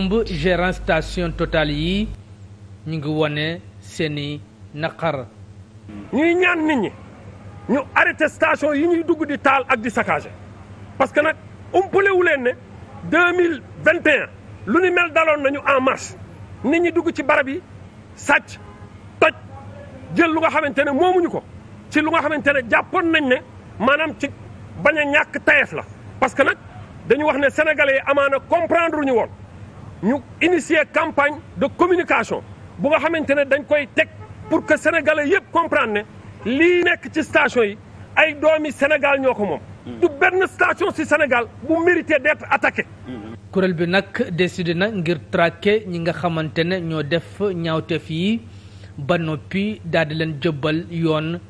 ëmb gérant station Total yi ñu ngi wone seeni naqar ñuy ñaan nit ñi ñu arrêté station yi ñuy dugg di taal ak di saccagé parce que nag umpale wu leen ne deux mille vingt lu ni mel daloon nañu en mars nit ñi dugg ci barab yi sàcc toj jël lu nga xamante ne moomuñu ko ci lu nga xamante ne jàppoon nañ ne maanaam ci bañ a ñàkk tayeef la parce que nag dañu wax ne sénégalais yi amaana comprendre ñu woon ñu initier campagne de communication bu nga xamante ne dañ koy teg pour que sénégalais yëpp comprendre ne lii nekk ci station yi ay doomi Sénégal ñoo ko moom. du benn station ci Sénégal bu mérité d'être attaqué. kuréel bi nag décidé na ngir traquer ñi nga xamante ne ñoo def ñaawteef yi ba noppi daal di leen jëbbal yoon.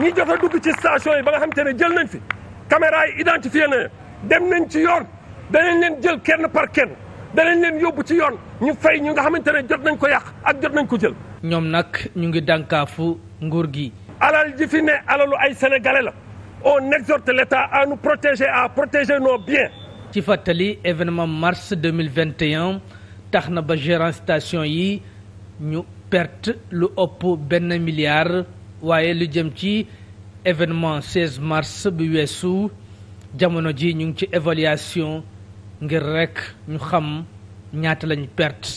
ñi jot a dugg ci station yi ba nga xamante ne jël nañ fi caméra yi identifié na dem nañ ci yoon. danañ leen jël kenn par kenn danañ leen yóbbu ci yoon ñu fay ñu nga xamante ne jot nañ ko yàq ak jot nañ ko jël. ñoom nag ñu ngi dànkaafu nguur gi. alal ji fi ne alalu ay sénégalais la on exhorte l'État à nous protéger à protéger nos ci fàttali événement mars deux mille vingt et un tax na ba gérant station yi ñu perte lu ëpp benn milliard waaye lu jëm ci événement 16 mars bi weesu jamono ji ñu ngi ci évaluation. ngir rek ñu xam ñaata lañ perte